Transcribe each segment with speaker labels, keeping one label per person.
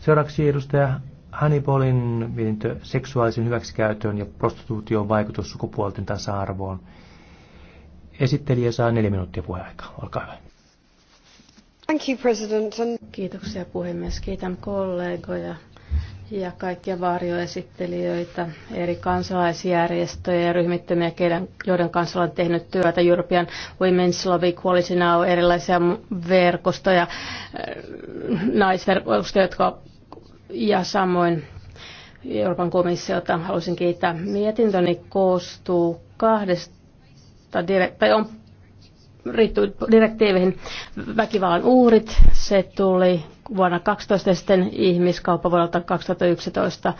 Speaker 1: Seuraavaksi edustaja Hannibalin mietintö seksuaalisen hyväksikäytön ja prostituution vaikutus sukupuolten tasa-arvoon. Esittelijä saa neljä minuuttia puheaikaa. Olkaa hyvä.
Speaker 2: Thank you, President. Kiitoksia puhemies. Kiitän kollegoja ja kaikkia varjoesittelijöitä, eri kansalaisjärjestöjä ja ryhmittömiä, joiden kanssa olen tehnyt työtä. European Women's Love Equality Now, erilaisia verkostoja, äh, naisverkostoja, jotka ja samoin Euroopan komissiota haluaisin kiittää. Mietintöni koostuu kahdesta, tai on riittyy direktiiveihin väkivallan uhrit. Se tuli vuonna 12 sitten ihmiskauppa vuodelta 2011,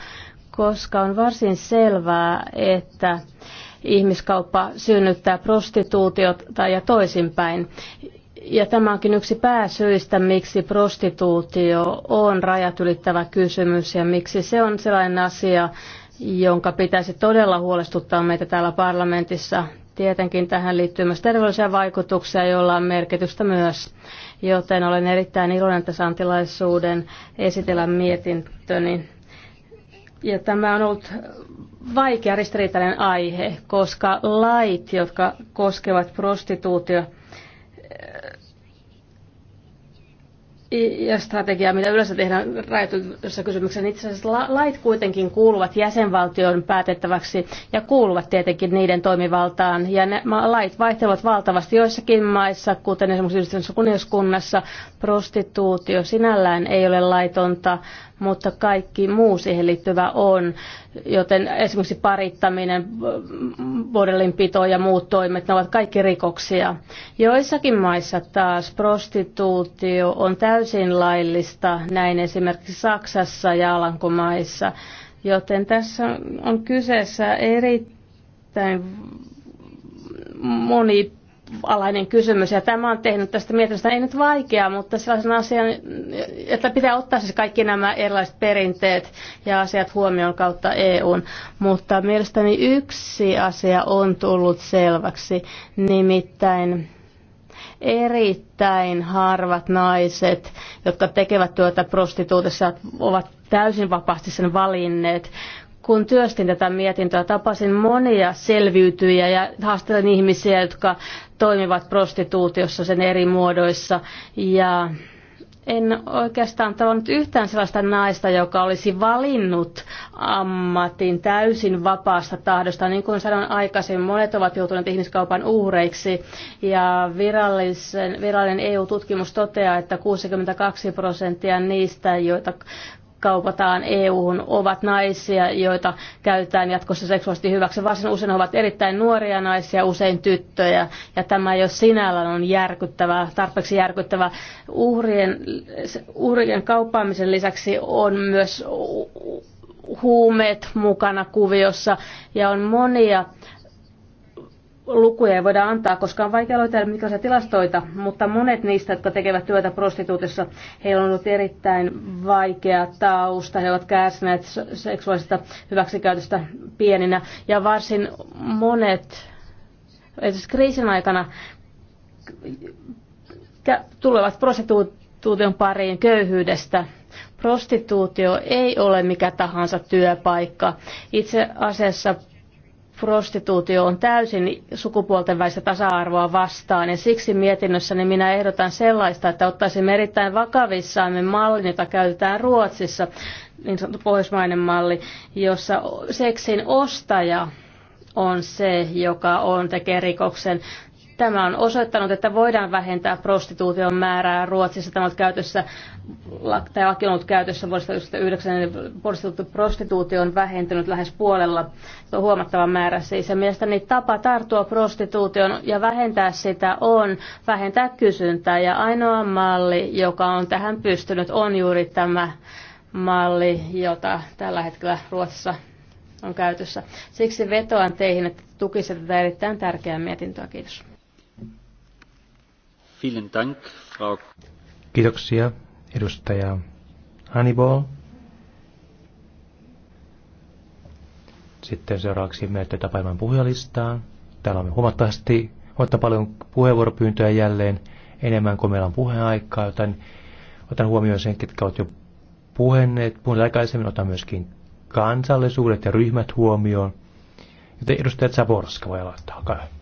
Speaker 2: koska on varsin selvää, että ihmiskauppa synnyttää prostituutiot tai ja toisinpäin. Ja tämä onkin yksi pääsyistä, miksi prostituutio on rajat ylittävä kysymys ja miksi se on sellainen asia, jonka pitäisi todella huolestuttaa meitä täällä parlamentissa. Tietenkin tähän liittyy myös terveellisiä vaikutuksia, joilla on merkitystä myös. Joten olen erittäin iloinen, että saan tilaisuuden esitellä mietintöni. Ja tämä on ollut vaikea ristiriitainen aihe, koska lait, jotka koskevat prostituutiota, ja strategiaa, mitä yleensä tehdään rajoitetussa kysymyksessä, niin itse asiassa lait kuitenkin kuuluvat jäsenvaltion päätettäväksi ja kuuluvat tietenkin niiden toimivaltaan. Ja ne lait vaihtelevat valtavasti joissakin maissa, kuten esimerkiksi yhdistyneessä kuningaskunnassa prostituutio sinällään ei ole laitonta, mutta kaikki muu siihen liittyvä on. Joten esimerkiksi parittaminen, bordellinpito ja muut toimet, ne ovat kaikki rikoksia. Joissakin maissa taas prostituutio on täysin laillista, näin esimerkiksi Saksassa ja Alankomaissa. Joten tässä on kyseessä erittäin moni alainen kysymys. Ja tämä on tehnyt tästä mietinnöstä ei nyt vaikeaa, mutta sellaisen asian, että pitää ottaa siis kaikki nämä erilaiset perinteet ja asiat huomioon kautta EUn. Mutta mielestäni yksi asia on tullut selväksi, nimittäin erittäin harvat naiset, jotka tekevät työtä prostituutissa, ovat täysin vapaasti sen valinneet, kun työstin tätä mietintöä, tapasin monia selviytyjiä ja haastelin ihmisiä, jotka toimivat prostituutiossa sen eri muodoissa. Ja en oikeastaan tavannut yhtään sellaista naista, joka olisi valinnut ammatin täysin vapaasta tahdosta. Niin kuin sanoin aikaisemmin, monet ovat joutuneet ihmiskaupan uhreiksi ja virallisen, virallinen EU-tutkimus toteaa, että 62 prosenttia niistä, joita kaupataan EU-hun ovat naisia, joita käytetään jatkossa seksuaalisesti hyväksi. Varsin usein ovat erittäin nuoria naisia, usein tyttöjä, ja tämä jo sinällään on järkyttävää, tarpeeksi järkyttävää. Uhrien, uhrien kauppaamisen lisäksi on myös huumeet mukana kuviossa, ja on monia lukuja ei voida antaa, koska on vaikea löytää mitkä tilastoita, mutta monet niistä, jotka tekevät työtä prostituutissa, heillä on ollut erittäin vaikea tausta, he ovat kärsineet seksuaalista hyväksikäytöstä pieninä ja varsin monet esimerkiksi kriisin aikana tulevat prostituution pariin köyhyydestä. Prostituutio ei ole mikä tahansa työpaikka. Itse asiassa prostituutio on täysin sukupuolten välistä tasa-arvoa vastaan ja siksi mietinnössäni minä ehdotan sellaista, että ottaisimme erittäin vakavissaamme mallin, jota käytetään Ruotsissa, niin sanottu pohjoismainen malli, jossa seksin ostaja on se, joka on tekee rikoksen. Tämä on osoittanut, että voidaan vähentää prostituution määrää Ruotsissa. Tämä on käytössä, tämä laki on ollut käytössä vuodesta 1999. Prostituutio on vähentynyt lähes puolella. Se on huomattava määrä siis. Ja mielestäni tapa tarttua prostituution ja vähentää sitä on vähentää kysyntää. Ja ainoa malli, joka on tähän pystynyt, on juuri tämä malli, jota tällä hetkellä Ruotsissa on käytössä. Siksi vetoan teihin, että tukisitte tätä erittäin tärkeää mietintöä. Kiitos.
Speaker 1: Vielen Dank, Frau. Kiitoksia, edustaja Hannibal. Sitten seuraavaksi menette tapaamaan puhujalistaan. Täällä on huomattavasti ottaa paljon puheenvuoropyyntöjä jälleen enemmän kuin meillä on puheaikaa, joten otan huomioon sen, ketkä ovat jo puhenneet. Puhun aikaisemmin otan myöskin kansallisuudet ja ryhmät huomioon. Joten edustaja Zaborska voi aloittaa, olkaa hyvä.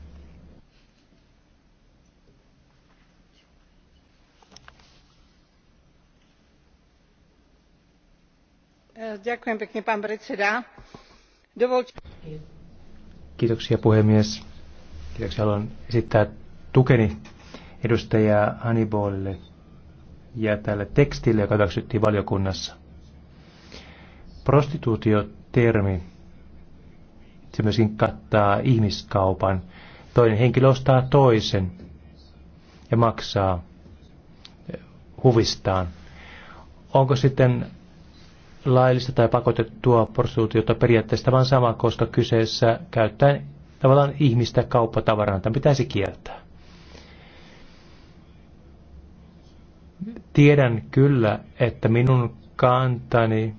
Speaker 1: Kiitoksia puhemies. Kiitoksia. Haluan esittää tukeni edustaja Hannibalille ja tälle tekstille, joka hyväksyttiin valiokunnassa. Prostituutiotermi, se myöskin kattaa ihmiskaupan. Toinen henkilö ostaa toisen ja maksaa huvistaan. Onko sitten laillista tai pakotettua prostituutiota periaatteesta, vaan sama, koska kyseessä käyttäen tavallaan ihmistä kauppatavaraan. Tämä pitäisi kieltää. Tiedän kyllä, että minun kantani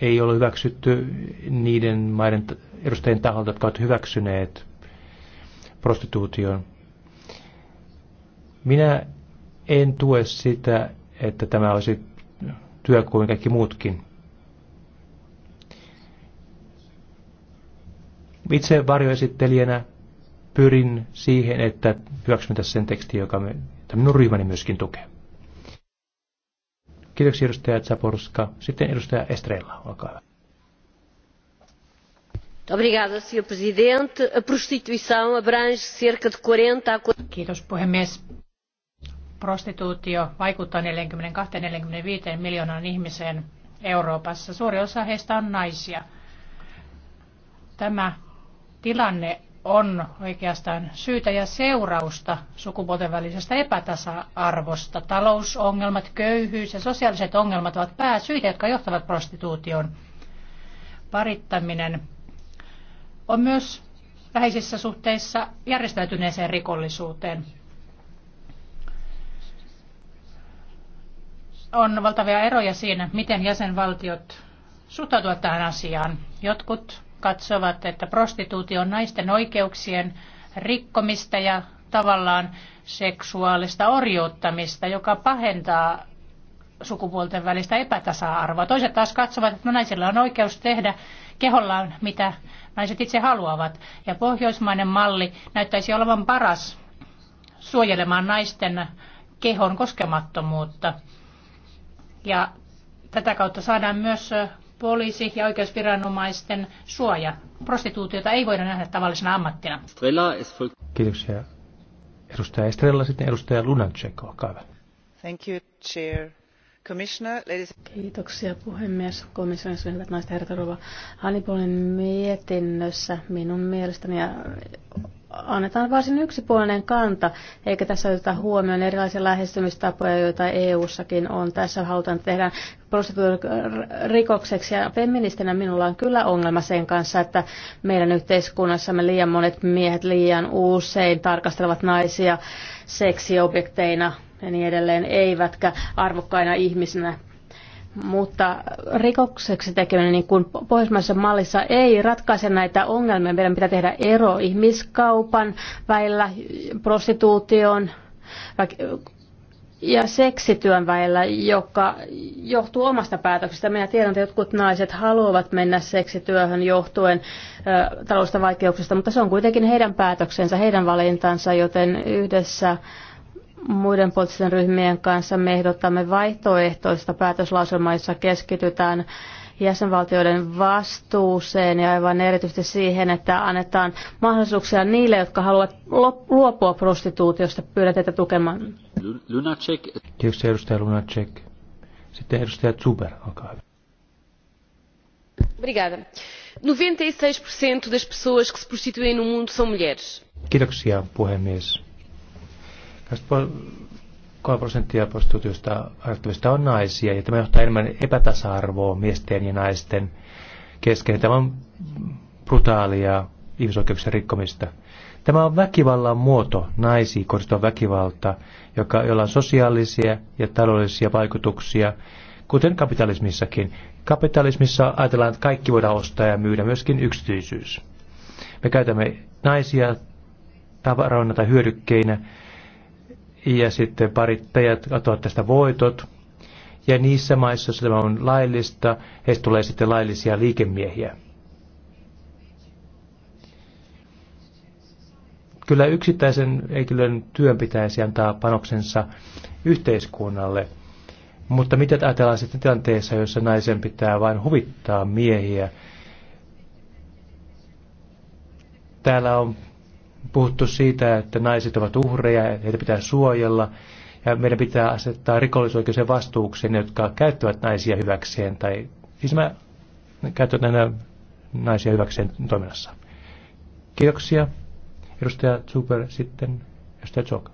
Speaker 1: ei ole hyväksytty niiden maiden edustajien taholta, jotka ovat hyväksyneet prostituution. Minä en tue sitä, että tämä olisi työ kuin kaikki muutkin Itse varjoesittelijänä pyrin siihen, että hyväksymme sen teksti, joka me, minun ryhmäni myöskin tukee. Kiitoksia edustaja Zaporska. Sitten edustaja Estrella, olkaa hyvä.
Speaker 3: Obrigada,
Speaker 2: senhor presidente. A prostituição abrange cerca de 40 a... Kiitos, puhemies.
Speaker 3: Prostituutio vaikuttaa 42-45 miljoonan ihmiseen Euroopassa. Suuri osa heistä on naisia. Tämä tilanne on oikeastaan syytä ja seurausta sukupuolten välisestä epätasa-arvosta. Talousongelmat, köyhyys ja sosiaaliset ongelmat ovat pääsyitä, jotka johtavat prostituutioon. Parittaminen on myös läheisissä suhteissa järjestäytyneeseen rikollisuuteen. On valtavia eroja siinä, miten jäsenvaltiot suhtautuvat tähän asiaan. Jotkut katsovat, että prostituutio on naisten oikeuksien rikkomista ja tavallaan seksuaalista orjuuttamista, joka pahentaa sukupuolten välistä epätasa-arvoa. Toiset taas katsovat, että no naisilla on oikeus tehdä kehollaan, mitä naiset itse haluavat. Ja pohjoismainen malli näyttäisi olevan paras suojelemaan naisten kehon koskemattomuutta. Ja tätä kautta saadaan myös poliisi- ja oikeusviranomaisten suoja. Prostituutiota ei voida nähdä tavallisena ammattina.
Speaker 1: Kiitoksia. Edustaja Estrella, sitten edustaja Lunacek, olkaa hyvä.
Speaker 3: Thank you, Chair. Commissioner, ladies...
Speaker 2: Kiitoksia puhemies, komission hyvät naiset ja Hannibalin mietinnössä minun mielestäni ja annetaan varsin yksipuolinen kanta, eikä tässä oteta huomioon erilaisia lähestymistapoja, joita EU-sakin on. Tässä halutaan tehdä prostituutirikokseksi ja feministinä minulla on kyllä ongelma sen kanssa, että meidän yhteiskunnassamme liian monet miehet liian usein tarkastelevat naisia seksiobjekteina ja niin edelleen, eivätkä arvokkaina ihmisinä mutta rikokseksi tekeminen niin kuin pohjoismaisessa mallissa ei ratkaise näitä ongelmia. Meidän pitää tehdä ero ihmiskaupan väillä, prostituution ja seksityön väillä, joka johtuu omasta päätöksestä. Minä tiedän, että jotkut naiset haluavat mennä seksityöhön johtuen taloudellisista vaikeuksista, mutta se on kuitenkin heidän päätöksensä, heidän valintansa, joten yhdessä muiden poliittisten ryhmien kanssa me ehdottamme vaihtoehtoista päätöslauselmaa, jossa keskitytään jäsenvaltioiden vastuuseen ja aivan erityisesti siihen, että annetaan mahdollisuuksia niille, jotka haluavat luopua prostituutiosta. pyydä teitä tukemaan.
Speaker 1: Lunacek. kiitos edustaja Lunacek. Sitten edustaja Zuber, olkaa hyvä.
Speaker 2: Obrigada. 96% e das pessoas que se prostituem no mundo são mulheres.
Speaker 1: Kiitoksia puhemies. 3 prosenttia prostituutiosta harjoittavista on naisia, ja tämä johtaa enemmän epätasa-arvoa miesten ja naisten kesken. Tämä on brutaalia ihmisoikeuksien rikkomista. Tämä on väkivallan muoto, naisiin kohdistuva väkivalta, joka, jolla on sosiaalisia ja taloudellisia vaikutuksia, kuten kapitalismissakin. Kapitalismissa ajatellaan, että kaikki voidaan ostaa ja myydä, myöskin yksityisyys. Me käytämme naisia tavaroina tai hyödykkeinä, ja sitten parittajat katsovat tästä voitot. Ja niissä maissa, joissa tämä on laillista, heistä tulee sitten laillisia liikemiehiä. Kyllä yksittäisen henkilön työn pitäisi antaa panoksensa yhteiskunnalle, mutta mitä ajatellaan sitten tilanteessa, jossa naisen pitää vain huvittaa miehiä? Täällä on puhuttu siitä, että naiset ovat uhreja, heitä pitää suojella ja meidän pitää asettaa rikollisoikeuden vastuukseen, jotka käyttävät naisia hyväkseen tai siis mä käytän näitä naisia hyväkseen toiminnassa. Kiitoksia. Edustaja Zuber sitten. Edustaja Zog.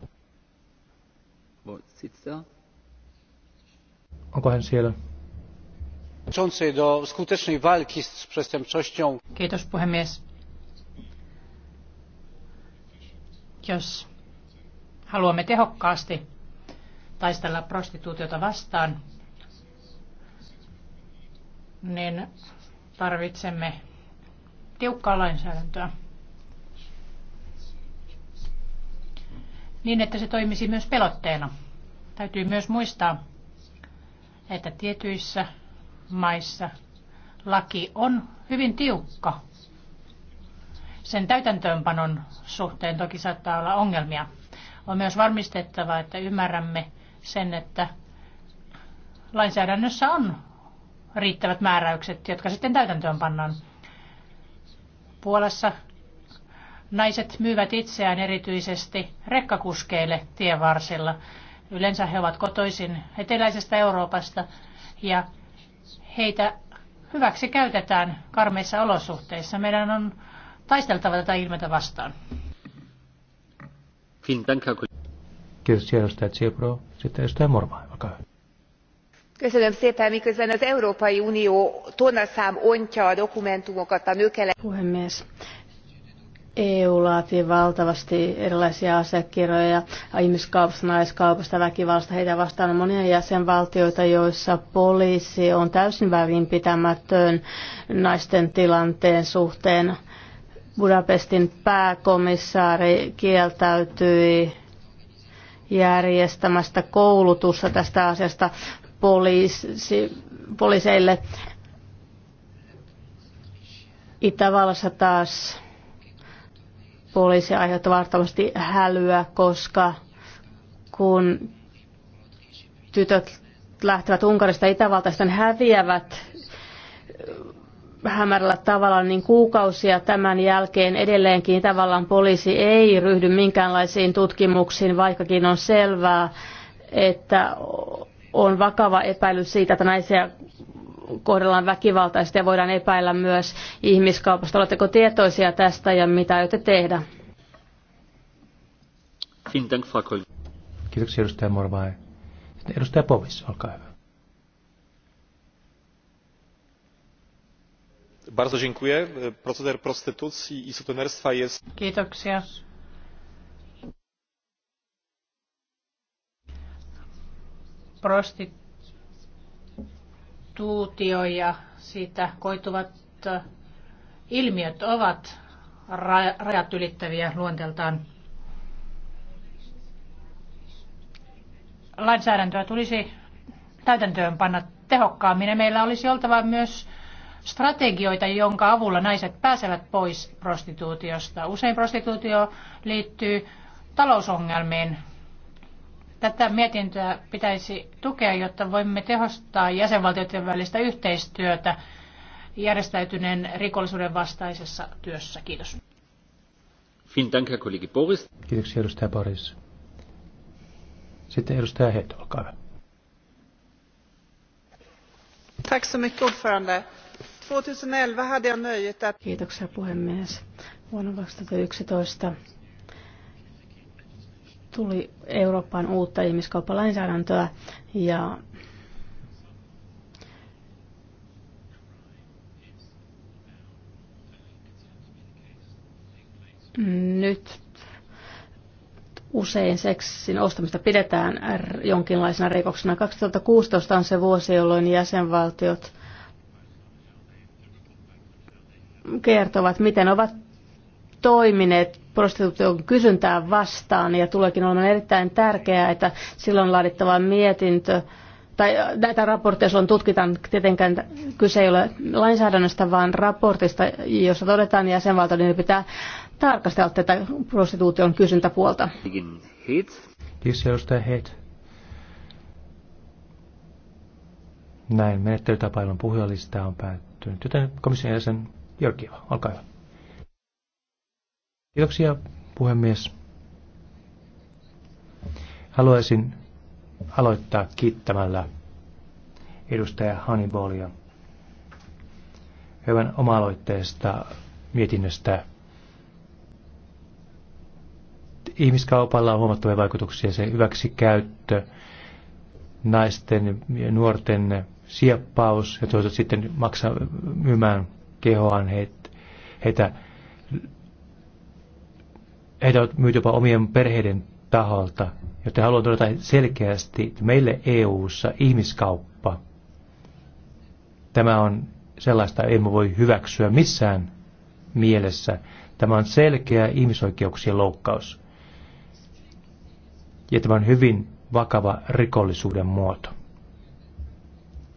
Speaker 1: Onko hän siellä? Kiitos puhemies
Speaker 3: Jos haluamme tehokkaasti taistella prostituutiota vastaan, niin tarvitsemme tiukkaa lainsäädäntöä. Niin, että se toimisi myös pelotteena. Täytyy myös muistaa, että tietyissä maissa laki on hyvin tiukka sen täytäntöönpanon suhteen toki saattaa olla ongelmia. On myös varmistettava, että ymmärrämme sen, että lainsäädännössä on riittävät määräykset, jotka sitten täytäntöön pannaan. Puolassa naiset myyvät itseään erityisesti rekkakuskeille tievarsilla. Yleensä he ovat kotoisin eteläisestä Euroopasta ja heitä hyväksi käytetään karmeissa olosuhteissa. Meidän on taisteltava tätä ilmiötä vastaan.
Speaker 1: Kiitos edustaja Tsipro. Sitten edustaja Morva, olkaa hyvä.
Speaker 3: Köszönöm szépen, miközben
Speaker 2: az Európai Unió tonnaszám ontja a dokumentumokat a nőkele... Puhemies, EU laatii valtavasti erilaisia asiakirjoja ihmiskaupasta, naiskaupasta, väkivallasta, heitä vastaan on monia jäsenvaltioita, joissa poliisi on täysin väliinpitämätön naisten tilanteen suhteen Budapestin pääkomissaari kieltäytyi järjestämästä koulutusta tästä asiasta poliisi, poliiseille. Itävallassa taas poliisi aiheuttaa vartavasti hälyä, koska kun tytöt lähtevät Unkarista Itävaltaista, häviävät hämärällä tavalla, niin kuukausia tämän jälkeen edelleenkin tavallaan poliisi ei ryhdy minkäänlaisiin tutkimuksiin, vaikkakin on selvää, että on vakava epäily siitä, että naisia kohdellaan väkivaltaisesti ja voidaan epäillä myös ihmiskaupasta. Oletteko tietoisia tästä ja mitä aiotte tehdä?
Speaker 1: Kiitoksia edustaja Morvai. Edustaja Povis, olkaa hyvä. Bardzo dziękuję. Proceder prostytucji i sutenerstwa jest...
Speaker 3: Kiitoksia. ja siitä koituvat äh, ilmiöt ovat rajat ylittäviä luonteeltaan. Lainsäädäntöä tulisi täytäntöön panna tehokkaammin. Meillä olisi oltava myös strategioita, jonka avulla naiset pääsevät pois prostituutiosta. Usein prostituutio liittyy talousongelmiin. Tätä mietintöä pitäisi tukea, jotta voimme tehostaa jäsenvaltioiden välistä yhteistyötä järjestäytyneen rikollisuuden vastaisessa työssä.
Speaker 1: Kiitos. Kiitoksia edustaja Boris. Sitten edustaja Heto, olkaa hyvä.
Speaker 3: Tack så mycket ordförande. 2011 hade jag nöjet att... Kiitoksia puhemies.
Speaker 2: Vuonna 2011 tuli Eurooppaan uutta ihmiskauppalainsäädäntöä ja nyt usein seksin ostamista pidetään jonkinlaisena rikoksena. 2016 on se vuosi, jolloin jäsenvaltiot kertovat, miten ovat toimineet prostituution kysyntään vastaan ja tuleekin olemaan erittäin tärkeää, että silloin laadittava mietintö tai äh, näitä raportteja on tutkitaan, tietenkään kyse ei ole lainsäädännöstä, vaan raportista, jossa todetaan jäsenvaltioiden, niin pitää tarkastella tätä prostituution kysyntäpuolta.
Speaker 1: Kiitos Heit. Näin, menettelytapailun puhujalistaa on päättynyt, joten komission jäsen Georgieva, olkaa hyvä. Kiitoksia, puhemies. Haluaisin aloittaa kiittämällä edustaja Hannibalia hyvän oma-aloitteesta mietinnöstä. Ihmiskaupalla on huomattavia vaikutuksia, se hyväksikäyttö, naisten ja nuorten sieppaus ja toisaalta sitten maksaa myymään kehoan heitä, heitä on myyty jopa omien perheiden taholta, joten haluan todeta selkeästi, että meille EU-ssa ihmiskauppa, tämä on sellaista, emme voi hyväksyä missään mielessä. Tämä on selkeä ihmisoikeuksien loukkaus. Ja tämä on hyvin vakava rikollisuuden muoto.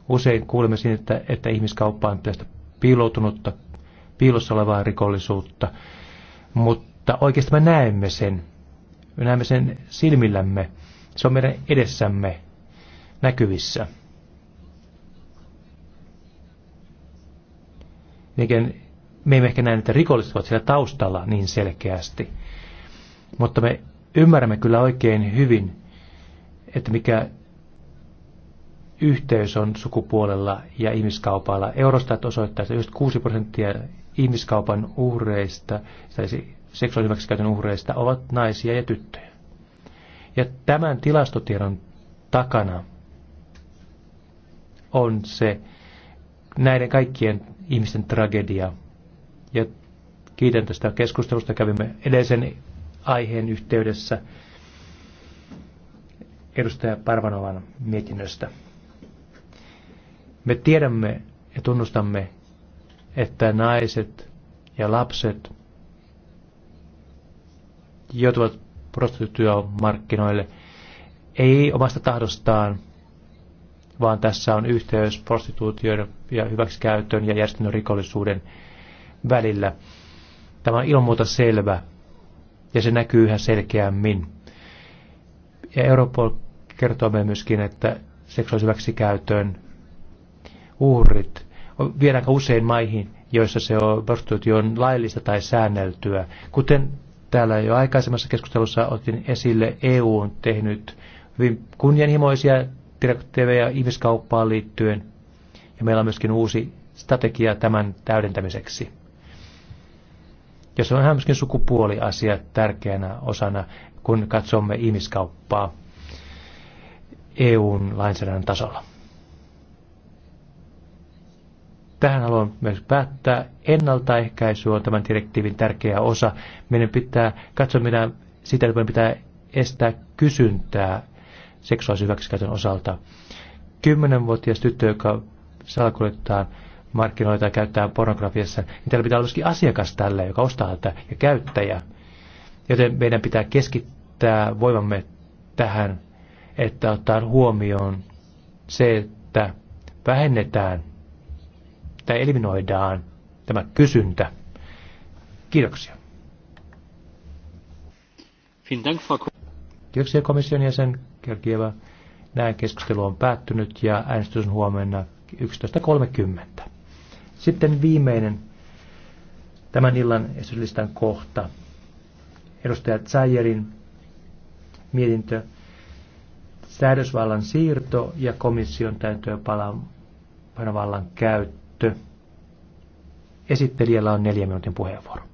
Speaker 1: Usein kuulemme siinä, että, että ihmiskauppaan pitäisi piiloutunutta, piilossa olevaa rikollisuutta, mutta oikeastaan me näemme sen. Me näemme sen silmillämme. Se on meidän edessämme näkyvissä. Niinkin me emme ehkä näe, että rikolliset ovat siellä taustalla niin selkeästi. Mutta me ymmärrämme kyllä oikein hyvin, että mikä yhteys on sukupuolella ja ihmiskaupalla. Eurostat osoittaa, että just 6 prosenttia ihmiskaupan uhreista, tai siis seksuaalisen uhreista, ovat naisia ja tyttöjä. Ja tämän tilastotiedon takana on se näiden kaikkien ihmisten tragedia. Ja kiitän tästä keskustelusta, kävimme edellisen aiheen yhteydessä edustaja Parvanovan mietinnöstä. Me tiedämme ja tunnustamme, että naiset ja lapset joutuvat prostituutiomarkkinoille ei omasta tahdostaan, vaan tässä on yhteys prostituutioiden ja hyväksikäytön ja järjestön rikollisuuden välillä. Tämä on ilman muuta selvä ja se näkyy yhä selkeämmin. Ja Europol kertoo meille myöskin, että seksuaalisen hyväksikäytön uhrit, viedäänkö usein maihin, joissa se on, prostituutio on laillista tai säänneltyä. Kuten täällä jo aikaisemmassa keskustelussa otin esille, EU on tehnyt hyvin kunnianhimoisia direktiivejä ihmiskauppaan liittyen, ja meillä on myöskin uusi strategia tämän täydentämiseksi. Ja se on ihan myöskin sukupuoliasia tärkeänä osana, kun katsomme ihmiskauppaa EUn lainsäädännön tasolla. Tähän haluan myös päättää. Ennaltaehkäisy on tämän direktiivin tärkeä osa. Meidän pitää katsoa meidän sitä, että meidän pitää estää kysyntää seksuaalisen hyväksikäytön osalta. Kymmenenvuotias tyttö, joka salakuljettaa markkinoita ja käyttää pornografiassa, niin täällä pitää olla myöskin asiakas tälle, joka ostaa tätä ja käyttäjä. Joten meidän pitää keskittää voimamme tähän, että ottaa huomioon se, että vähennetään että eliminoidaan tämä kysyntä. Kiitoksia. Kiitoksia komission jäsen Kerkieva. Näin keskustelu on päättynyt ja äänestys on huomenna 11.30. Sitten viimeinen tämän illan esityslistan kohta. Edustaja Zajerin mietintö säädösvallan siirto ja komission täytöönpanovallan käyttö käyttö. Esittelijällä on neljä minuutin puheenvuoro.